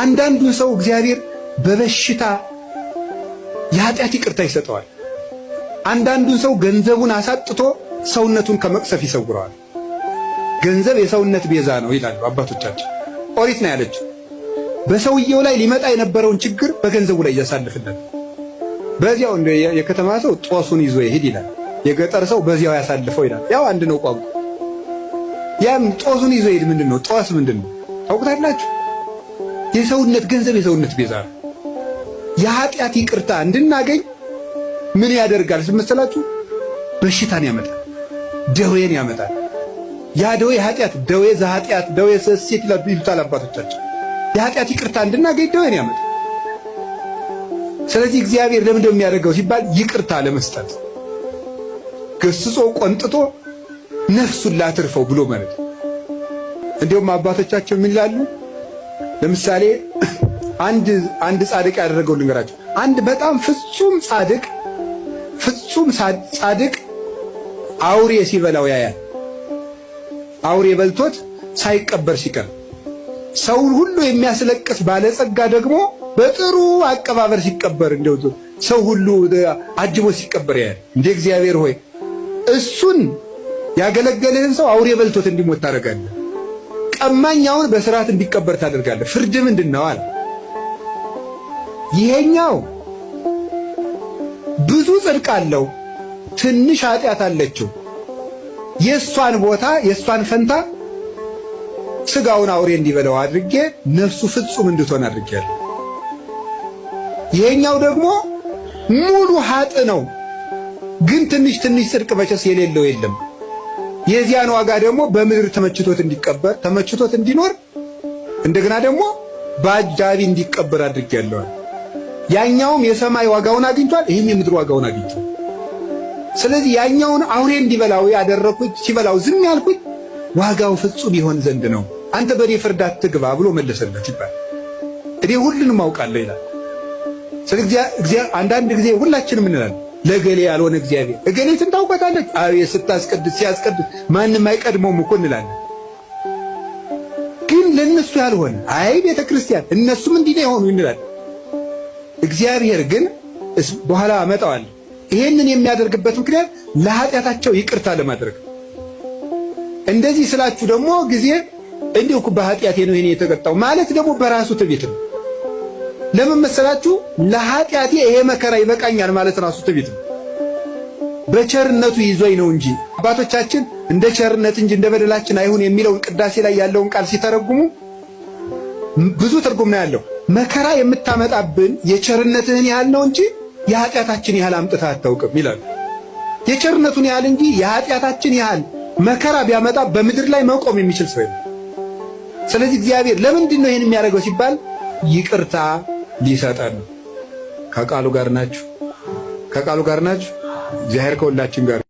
አንዳንዱን ሰው እግዚአብሔር በበሽታ የኃጢአት ይቅርታ ይሰጠዋል። አንዳንዱን ሰው ገንዘቡን አሳጥቶ ሰውነቱን ከመቅሰፍ ይሰውረዋል። ገንዘብ የሰውነት ቤዛ ነው ይላሉ አባቶቻችን። ኦሪት ነው ያለችው። በሰውየው ላይ ሊመጣ የነበረውን ችግር በገንዘቡ ላይ እያሳልፍለት፣ በዚያው እንደ የከተማ ሰው ጦሱን ይዞ ይሄድ ይላል፣ የገጠር ሰው በዚያው ያሳልፈው ይላል። ያው አንድ ነው ቋንቋ። ያም ጦሱን ይዞ ይሄድ ምንድን ነው? ጦስ ምንድን ነው ታውቁታላችሁ? የሰውነት ገንዘብ የሰውነት ቤዛ ነው። የኃጢአት ይቅርታ እንድናገኝ ምን ያደርጋል ስመሰላችሁ? በሽታን ያመጣል፣ ደዌን ያመጣል። ያ ደዌ የኃጢአት ደዌ ዘኃጢአት ደዌ ሰሴት ይሉታል አባቶቻችን። የኃጢአት ይቅርታ እንድናገኝ ደዌን ያመጣል። ስለዚህ እግዚአብሔር ለምን እንደሚያደርገው ሲባል ይቅርታ ለመስጠት ገስጾ ቆንጥቶ ነፍሱን ላትርፈው ብሎ ማለት። እንዲሁም አባቶቻችን ምን ይላሉ? ለምሳሌ አንድ አንድ ጻድቅ ያደረገው ልንገራቸው። አንድ በጣም ፍጹም ጻድቅ ፍጹም ጻድቅ አውሬ ሲበላው ያያል። አውሬ በልቶት ሳይቀበር ሲቀር ሰውን ሁሉ የሚያስለቅስ ባለጸጋ ደግሞ በጥሩ አቀባበር ሲቀበር እንደው ሰው ሁሉ አጅቦ ሲቀበር ያያል። እንደ እግዚአብሔር ሆይ እሱን ያገለገልህን ሰው አውሬ በልቶት እንዲሞት ታደርጋለህ። ቀማኛውን በስርዓት እንዲቀበር ታደርጋለህ። ፍርድ ምንድን ነው አለ። ይሄኛው ብዙ ጽድቅ አለው፣ ትንሽ ኃጢአት አለችው። የእሷን ቦታ የእሷን ፈንታ ስጋውን አውሬ እንዲበላው አድርጌ ነፍሱ ፍጹም እንድትሆን አድርጌያለሁ። ይሄኛው ደግሞ ሙሉ ሀጥ ነው፣ ግን ትንሽ ትንሽ ጽድቅ መቼስ የሌለው የለም። የዚያን ዋጋ ደግሞ በምድር ተመችቶት እንዲቀበር ተመችቶት እንዲኖር እንደገና ደግሞ በአጃቢ እንዲቀበር አድርጌያለዋል። ያኛውም የሰማይ ዋጋውን አግኝቷል፣ ይህም የምድር ዋጋውን አግኝቷል። ስለዚህ ያኛውን አውሬ እንዲበላው ያደረኩት ሲበላው ዝም ያልኩት ዋጋው ፍጹም ይሆን ዘንድ ነው። አንተ በእኔ ፍርድ አትግባ ብሎ መለሰለት ይባል። እኔ ሁሉንም አውቃለሁ ይላል። ስለዚህ አንዳንድ ጊዜ ሁላችንም እንላለን ለገሌ ያልሆነ እግዚአብሔር እገሌ ታውቃታለች። አቤት ስታስቀድስ ሲያስቀድስ ማንም አይቀድመውም እኮ እንላለን። ግን ለእነሱ ያልሆነ አይ ቤተ ክርስቲያን እነሱም እንዲህ ነው የሆኑ እንላለን። እግዚአብሔር ግን በኋላ አመጣዋለሁ። ይሄንን የሚያደርግበት ምክንያት ለኃጢአታቸው ይቅርታ ለማድረግ እንደዚህ ስላችሁ ደግሞ ጊዜ እንዲሁ በኃጢአቴ ነው ይሄን የተቀጣው ማለት ደግሞ በራሱ ትዕቢት ነው። ለምን መሰላችሁ? ለኃጢአቴ ይሄ መከራ ይበቃኛል ማለት ራሱ ትዕቢት ነው። በቸርነቱ ይዞኝ ነው እንጂ አባቶቻችን እንደ ቸርነት እንጂ እንደ በደላችን አይሁን የሚለውን ቅዳሴ ላይ ያለውን ቃል ሲተረጉሙ ብዙ ትርጉም ነው ያለው። መከራ የምታመጣብን የቸርነትህን ያህል ነው እንጂ የኃጢአታችን ያህል አምጥታ አታውቅም ይላሉ። የቸርነቱን ያህል እንጂ የኃጢአታችን ያህል መከራ ቢያመጣ በምድር ላይ መቆም የሚችል ሰው የለም። ስለዚህ እግዚአብሔር ለምንድን ነው ይህን የሚያደርገው ሲባል ይቅርታ ሊሰጠን ከቃሉ ጋር ናችሁ፣ ከቃሉ ጋር ናችሁ። እግዚአብሔር ከሁላችን ጋር